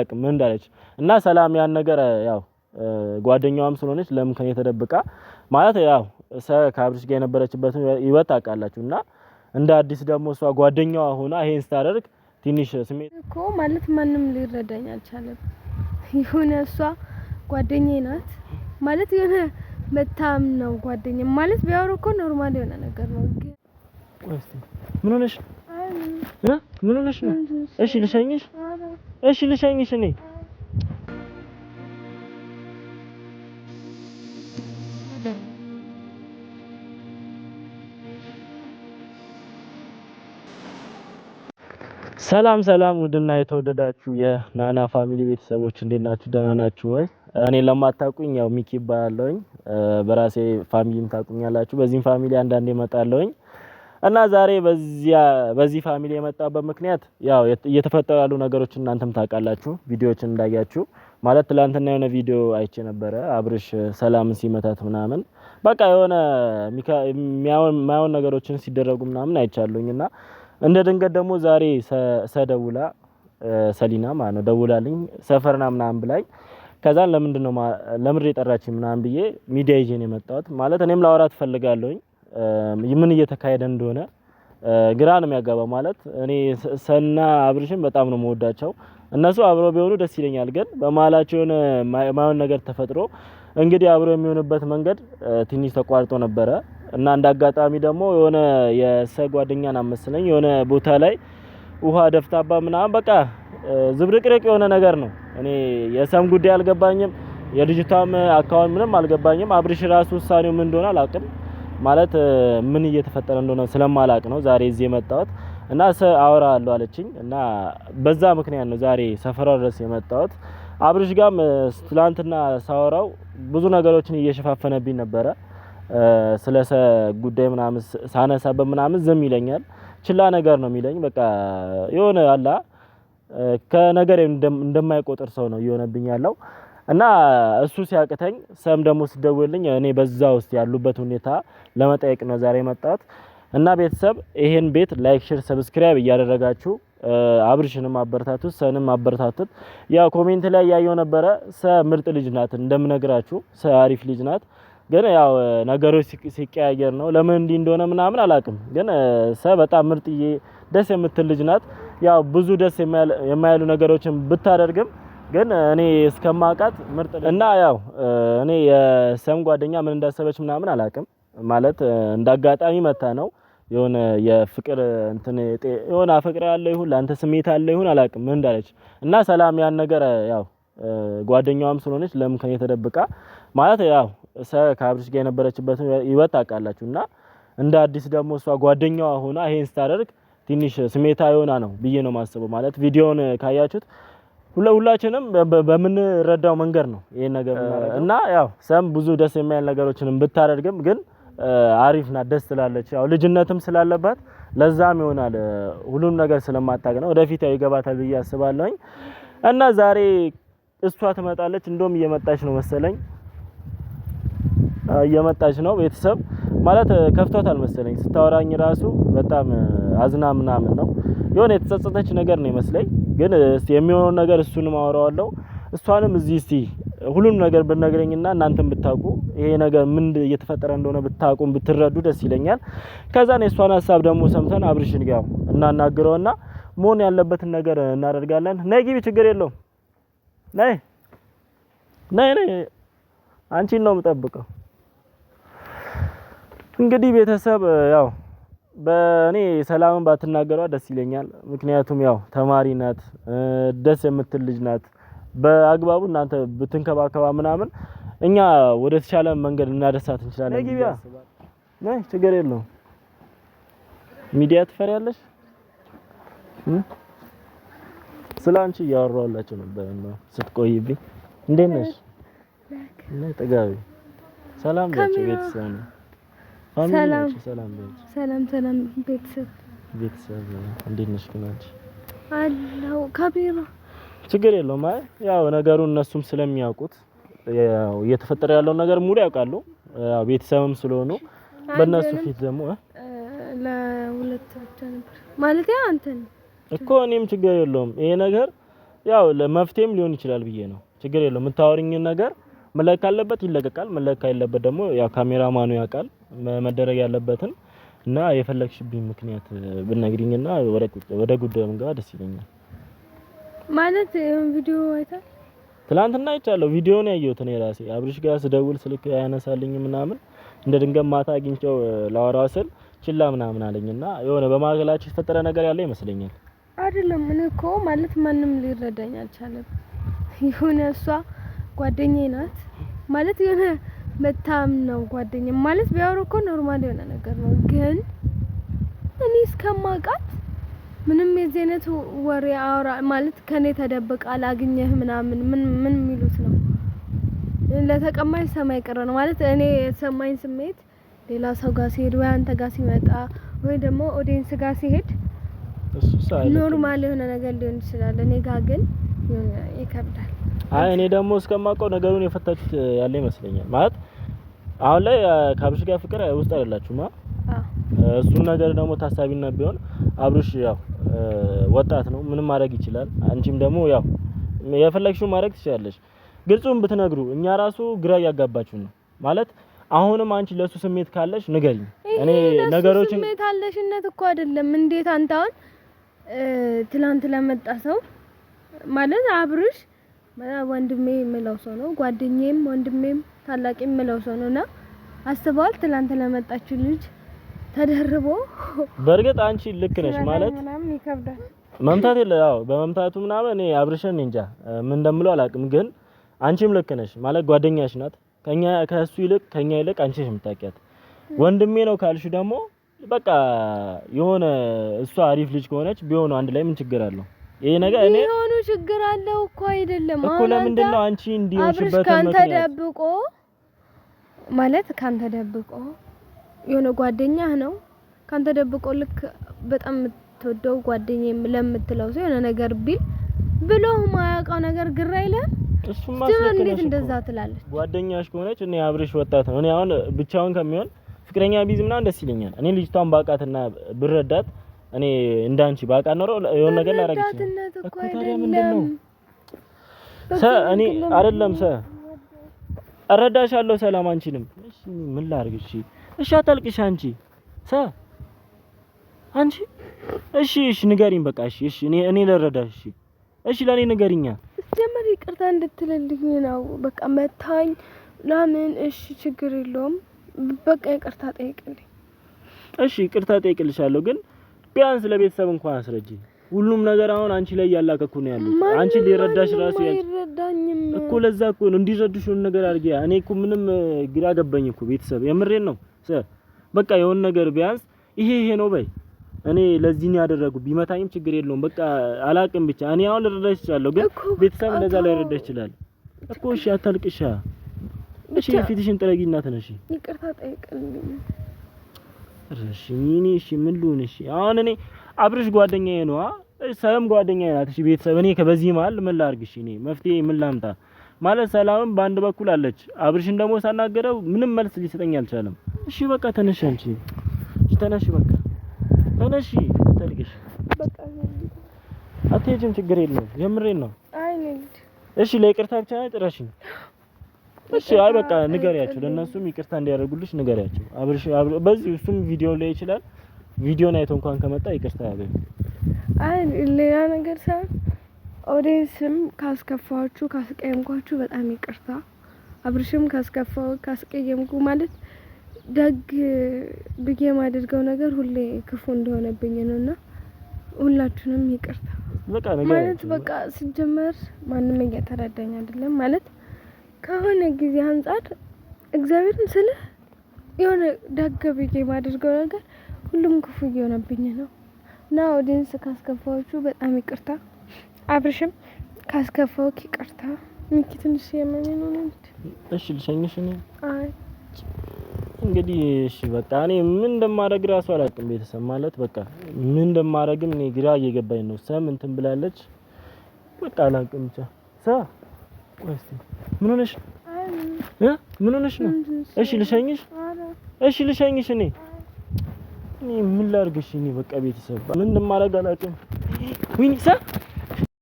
አቅም እንዳለች እና ሰላም ያን ነገር ያው ጓደኛዋም ስለሆነች ለምን ከኔ ተደብቃ ማለት ያው ከአብርሽ ጋር የነበረችበትን ይወት ታውቃላችሁ። እና እንደ አዲስ ደግሞ እሷ ጓደኛዋ ሆና ይሄን ስታደርግ ትንሽ ስሜት እኮ ማለት ማንም ሊረዳኝ አልቻለም። የሆነ እሷ ጓደኛ ናት ማለት የሆነ መታም ነው ጓደኛ ማለት ቢያወሩ እኮ ኖርማል የሆነ ነገር ነው። ምን ሆነሽ ምን ሆነሽ ነው? እሺ ልሸኝሽ። እሺ ልሸኝሽ እኔ ሰላም ሰላም ውድና የተወደዳችሁ የናና ፋሚሊ ቤተሰቦች እንዴት ናችሁ? ደህና ናችሁ ወይ? እኔ ለማታውቁኝ ያው ሚኪ እባላለሁኝ። በራሴ ፋሚሊም ታውቁኛላችሁ። በዚህም ፋሚሊ አንዳንዴ እመጣለሁኝ። እና ዛሬ በዚያ በዚህ ፋሚሊ የመጣበት ምክንያት ያው እየተፈጠሩ ያሉ ነገሮች እናንተም ታውቃላችሁ፣ ቪዲዮዎችን እንዳያችሁ ማለት ትላንትና የሆነ ቪዲዮ አይቼ ነበረ አብርሽ ሰላምን ሲመታት ምናምን በቃ የሆነ የማይሆን ነገሮችን ሲደረጉ ምናምን አይቻሉኝ እና እንደ ድንገት ደግሞ ዛሬ ሰደውላ ሰሊና ማለት ነው ደውላልኝ ሰፈርና ምናምን ብላኝ ከዛን ለምንድን ነው ለምድር የጠራችኝ ምናምን ብዬ ሚዲያ ይዤን የመጣሁት ማለት እኔም ላወራት እፈልጋለሁኝ ምን እየተካሄደ እንደሆነ ግራ ነው የሚያጋባ። ማለት እኔ ሰና አብርሽን በጣም ነው መወዳቸው። እነሱ አብረው ቢሆኑ ደስ ይለኛል። ግን በመሀላቸው የሆነ የማይሆን ነገር ተፈጥሮ እንግዲህ አብሮ የሚሆንበት መንገድ ትንሽ ተቋርጦ ነበረ እና እንደ አጋጣሚ ደግሞ የሆነ የሰ ጓደኛን አመስለኝ የሆነ ቦታ ላይ ውሃ ደፍታባ ምናምን በቃ ዝብርቅርቅ የሆነ ነገር ነው። እኔ የሰም ጉዳይ አልገባኝም፣ የልጅቷም አካባቢ ምንም አልገባኝም። አብርሽ ራሱ ውሳኔው ምን እንደሆነ አላውቅም። ማለት ምን እየተፈጠረ እንደሆነ ስለማላቅ ነው ዛሬ እዚህ የመጣሁት እና አለው አለችኝ እና በዛ ምክንያት ነው ዛሬ ሰፈሯ ድረስ የመጣሁት። አብርሽ ጋም ትላንትና ሳወራው ብዙ ነገሮችን እየሸፋፈነብኝ ነበረ። ስለ ጉዳይ ምናምን ሳነሳበት ምናምን ዝም ይለኛል። ችላ ነገር ነው የሚለኝ። በቃ የሆነ አላ ከነገር እንደማይቆጥር ሰው ነው እየሆነብኝ ያለው። እና እሱ ሲያቅተኝ ሰም ደግሞ ሲደውልኝ እኔ በዛ ውስጥ ያሉበት ሁኔታ ለመጠየቅ ነው ዛሬ መጣሁት። እና ቤተሰብ ይሄን ቤት ላይክ፣ ሼር፣ ሰብስክራይብ እያደረጋችሁ አብርሽንም አበረታቱት፣ ሰንም አበረታቱት። ያው ኮሜንት ላይ ያየው ነበረ ሰ ምርጥ ልጅ ናት እንደምነግራችሁ፣ ሰ አሪፍ ልጅ ናት። ግን ያው ነገሮች ሲቀያየር ነው ለምን እንዲህ እንደሆነ ምናምን አላውቅም። ግን ሰ በጣም ምርጥዬ ደስ የምትል ልጅ ናት። ያው ብዙ ደስ የማያሉ ነገሮችን ብታደርግም ግን እኔ እስከማውቃት ምርጥ እና ያው እኔ የሰም ጓደኛ ምን እንዳሰበች ምናምን አላውቅም። ማለት እንዳጋጣሚ መታ ነው የሆነ የፍቅር እንትን የሆነ አፈቅር ያለ ይሁን ለአንተ ስሜት አለ ይሁን አላውቅም ምን እንዳለች እና ሰላም ያን ነገር ያው ጓደኛዋም ስለሆነች ለምን ከኔ ተደብቃ ማለት ያው ሰ ከአብሪሽ ጋር የነበረችበት ይወት ታውቃላችሁ። እና እንደ አዲስ ደግሞ እሷ ጓደኛዋ ሆና ይሄን ስታደርግ ትንሽ ስሜታ የሆና ነው ብዬ ነው ማስበው። ማለት ቪዲዮን ካያችሁት ሁላችንም በምንረዳው መንገድ ነው ይሄ ነገር እና ያው ሰም ብዙ ደስ የሚያል ነገሮችንም ብታደርግም ግን አሪፍ ናት፣ ደስ ትላለች። ያው ልጅነትም ስላለባት ለዛም ይሆናል ሁሉም ነገር ስለማታውቅ ነው። ወደፊት ያው ይገባታል ብዬ አስባለሁኝ እና ዛሬ እሷ ትመጣለች። እንደውም እየመጣች ነው መሰለኝ፣ እየመጣች ነው። ቤተሰብ ማለት ከፍቷታል መሰለኝ ስታወራኝ ራሱ በጣም አዝና ምናምን ነው የሆነ የተጸጸተች ነገር ነው ይመስለኝ ግን የሚሆነው ነገር እሱንም አወራዋለሁ እሷንም እዚህ እስቲ ሁሉንም ነገር ብነግረኝና እናንተም ብታውቁ ይሄ ነገር ምን እየተፈጠረ እንደሆነ ብታውቁም ብትረዱ ደስ ይለኛል። ከዛን የእሷን ሀሳብ ደግሞ ሰምተን አብርሽን ጋር እናናግረውና መሆን ያለበትን ነገር እናደርጋለን። ነይ ግቢ፣ ችግር የለውም። ነይ ነይ ነይ፣ አንቺን ነው የምጠብቀው። እንግዲህ ቤተሰብ ያው በእኔ ሰላምን ባትናገሯ ደስ ይለኛል ምክንያቱም ያው ተማሪ ናት ደስ የምትል ልጅ ናት። በአግባቡ እናንተ ብትንከባከባ ምናምን እኛ ወደ ተሻለ መንገድ እናደርሳት እንችላለን። ነይ ግቢያ ነይ፣ ችግር የለውም። ሚዲያ ትፈሪያለሽ? ስለ አንቺ እያወራሁላችሁ ነበር ስትቆይብኝ። እንዴት ነሽ? ነይ ጥጋቢ። ሰላም ናችሁ ቤተሰብ ነው ሰላም ሰላም ሰላም፣ ቤተሰብ ቤተሰብ እንዴት ነሽ? አለው ካሜራ ችግር የለውም። አይ ያው እነሱም ስለሚያውቁት ያው እየተፈጠረ ያለውን ነገር ሙሉ ያውቃሉ። ያው ቤተሰብም ስለሆኑ በእነሱ ፊት ደግሞ ነበር ማለት ያው አንተን እኮ እኔም ችግር የለውም። ይሄ ነገር ያው ለመፍትሄም ሊሆን ይችላል ብዬ ነው። ችግር የለውም። የምታወሪኝን ነገር መለክ ካለበት ይለቀቃል፣ መለክ ደግሞ ያው ካሜራማኑ ያውቃል መደረግ ያለበትን እና የፈለግሽብኝ ምክንያት ብነግሪኝና ወደ ጉዳዩ ብንገባ ደስ ይለኛል። ማለት ቪዲዮ አይታል? ትላንትና አይቻለሁ። ቪዲዮውን ያየሁት እኔ ራሴ አብርሽ ጋር ስደውል ስልክ አያነሳልኝ ምናምን እንደ ድንገት ማታ አግኝቼው ላወራው ስል ችላ ምናምን አለኝና የሆነ በማገላችሁ የተፈጠረ ነገር ያለ ይመስለኛል። አይደለም እኔ እኮ ማለት ማንም ሊረዳኝ አልቻለም። የሆነ እሷ ጓደኛዬ ናት ማለት የሆነ መታም ነው ጓደኛ ማለት ቢያወሩ እኮ ኖርማል የሆነ ነገር ነው። ግን እኔ እስከማውቃት ምንም የዚህ አይነት ወሬ አውራ ማለት ከኔ ተደብቃ አላግኘህ ምናምን ምን ምን የሚሉት ነው። ለተቀማጭ ሰማይ ቀረ ነው ማለት እኔ የተሰማኝ ስሜት ሌላ ሰው ጋር ሲሄድ ወይ አንተ ጋር ሲመጣ ወይ ደግሞ ኦዲንስ ጋር ሲሄድ ኖርማል የሆነ ነገር ሊሆን ይችላል። እኔ ጋር ግን ይከብዳል። አይ እኔ ደግሞ እስከማውቀው ነገሩን የፈታችሁት ያለ ይመስለኛል። ማለት አሁን ላይ ከአብርሽ ጋር ፍቅር ውስጥ አይደላችሁማ። እሱን ነገር ደግሞ ታሳቢና ቢሆን አብርሽ ያው ወጣት ነው፣ ምንም ማድረግ ይችላል። አንቺም ደግሞ ያው የፈለግሽው ማድረግ ትችላለሽ። ግልጹም ብትነግሩ እኛ ራሱ ግራ እያጋባችሁ ነው ማለት አሁንም አንቺ ለሱ ስሜት ካለሽ ንገሪኝ። እኔ ነገሮችን ስሜት አለሽነት እኮ አይደለም። እንዴት አንተ አሁን ትላንት ለመጣ ሰው ማለት አብርሽ ወንድሜ የምለው ሰው ነው። ጓደኛዬም ወንድሜም ታላቅ የምለው ሰው ነውና አስበዋል። ትላንት ለመጣችሁ ልጅ ተደርቦ በእርግጥ አንቺ ልክ ነሽ ማለት መምታት የለ ያው በመምታቱ ምናምን እኔ አብርሽን እንጃ ምን እንደምለው አላውቅም፣ ግን አንቺም ልክ ነሽ ማለት ጓደኛሽ ናት። ከኛ ከሱ ይልቅ ከኛ ይልቅ አንቺ ነሽ የምታውቂያት። ወንድሜ ነው ካልሽ ደግሞ በቃ የሆነ እሷ አሪፍ ልጅ ከሆነች ቢሆኑ አንድ ላይ ምን ችግር አለው? ይሄ ነገር እኔ የሆኑ ችግር አለው እኮ አይደለም እኮ። ለምንድን ነው አንቺ እንዲህ ሆንሽበት? ካንተ ደብቆ ማለት ካንተ ደብቆ የሆነ ጓደኛህ ነው ካንተ ደብቆ ልክ በጣም የምትወደው ጓደኛዬ ለምትለው ሰው የሆነ ነገር ቢል ብሎ ማያውቀው ነገር ግራ ይላል። እሱማ እንዴት እንደዛ ትላለች? ጓደኛሽ ከሆነች እኔ አብርሽ ወጣት ነው። እኔ አሁን ብቻውን ከሚሆን ፍቅረኛ ቢዝ ምናምን ደስ ይለኛል። እኔ ልጅቷን ባውቃትና ብረዳት እኔ እንዳንቺ ባቃ ኖሮ የሆነ ነገር ላደርግ ይችላል እኮ። ታዲያ ምንድን ነው ሰ እኔ አይደለም ሰ እረዳሻለሁ። ሰላም አንቺንም እሺ፣ ምን ላድርግ? እሺ፣ እሺ፣ አታልቅሽ አንቺ ሰ አንቺ እሺ፣ እሺ፣ ንገሪኝ በቃ እሺ፣ እሺ፣ እኔ እኔ ልረዳሽ እሺ፣ እሺ፣ ለእኔ ንገሪኛ ጀመር ይቅርታ እንድትልልኝ ነው በቃ መታኝ ምናምን። እሺ፣ ችግር የለውም በቃ ይቅርታ ጠይቅልኝ። እሺ፣ ይቅርታ ጠይቅልሻለሁ ግን ቢያንስ ለቤተሰብ እንኳን አስረጅኝ። ሁሉም ነገር አሁን አንቺ ላይ ያላከኩ ነው ያለው። አንቺ ሊረዳሽ ራሱ አይረዳኝም እኮ ለዛ እኮ ነው እንዲረዱሽ ነገር አድርጌ። እኔ እኮ ምንም ግራ ገባኝ እኮ ቤተሰብ፣ የምሬን ነው። በቃ የሆነ ነገር ቢያንስ ይሄ ይሄ ነው በይ። እኔ ለዚህ ነው ያደረጉ ቢመታኝም ችግር የለውም በቃ አላቅም። ብቻ እኔ አሁን ልረዳሽ እችላለሁ፣ ግን ቤተሰብ እንደዛ ላይ ልረዳሽ ይችላል እኮ። እሺ አታልቅሻ፣ እሺ ፊትሽን ጥረጊና ተነሺ። ይቅርታ ጠይቅልኝ እሺ እኔ እሺ ምን ልሁን? እሺ አሁን እኔ አብርሽ ጓደኛዬ ነው። ሰላም ጓደኛዬ ናት። እሺ ቤተሰብ እኔ ከበዚህ መሀል ምን ላድርግ? እሺ እኔ መፍትሄ ምን ላምጣ? ማለት ሰላምም በአንድ በኩል አለች፣ አብርሽን ደግሞ ሳናገረው ምንም መልስ ሊሰጠኝ አልቻለም። እሺ በቃ ተነሽ አንቺ ተነሽ፣ በቃ ተነሽ፣ ተልግሽ በቃ አትሄጂም፣ ችግር የለውም። የምሬን ነው። አይ ነኝ። እሺ ለይቅርታ ብቻ ጥረሽኝ እሺ አይ በቃ ንገሪያቸው፣ ለእነሱም ይቅርታ እንዲያደርጉልሽ ንገሪያቸው። አብርሽ በዚህ እሱም ቪዲዮ ላይ ይችላል። ቪዲዮን አይቶ እንኳን ከመጣ ይቅርታ ያገኝ። አይ ሌላ ነገር ሰ ኦዲየንስም ካስከፋችሁ ካስቀየምኳችሁ በጣም ይቅርታ። አብርሽም ካስከፋው ካስቀየምኩ ማለት ደግ ብዬ የማደርገው ነገር ሁሌ ክፉ እንደሆነብኝ ነውና ሁላችሁንም ይቅርታ ማለት በቃ ሲጀመር ማንም እየተረዳኝ አይደለም ማለት ከሆነ ጊዜ አንጻር እግዚአብሔርን ስለ የሆነ ዳገ ብዬ የማደርገው ነገር ሁሉም ክፉ እየሆነብኝ ነው እና ኦዲንስ ካስከፋዎቹ በጣም ይቅርታ። አብርሽም ካስከፋዎች ይቅርታ። ሚኪ ትንሽ የመኝ ነው ነች። እሺ ልሸኝሽ ነው። አይ እንግዲህ እሺ በቃ እኔ ምን እንደማደርግ ራሱ አላውቅም። ቤተሰብ ማለት በቃ ምን እንደማደርግም እኔ ግራ እየገባኝ ነው። ሰም እንትን ብላለች። በቃ አላውቅም ብቻ ሳ ምን ሆነሽ እ ምን ሆነሽ ነው? እሺ ልሸኝሽ፣ እሺ ልሸኝሽ። እኔ እኔ ምን ላድርግሽ? እኔ በቃ ቤተሰብ ምን እንደማደርግ አላውቅም።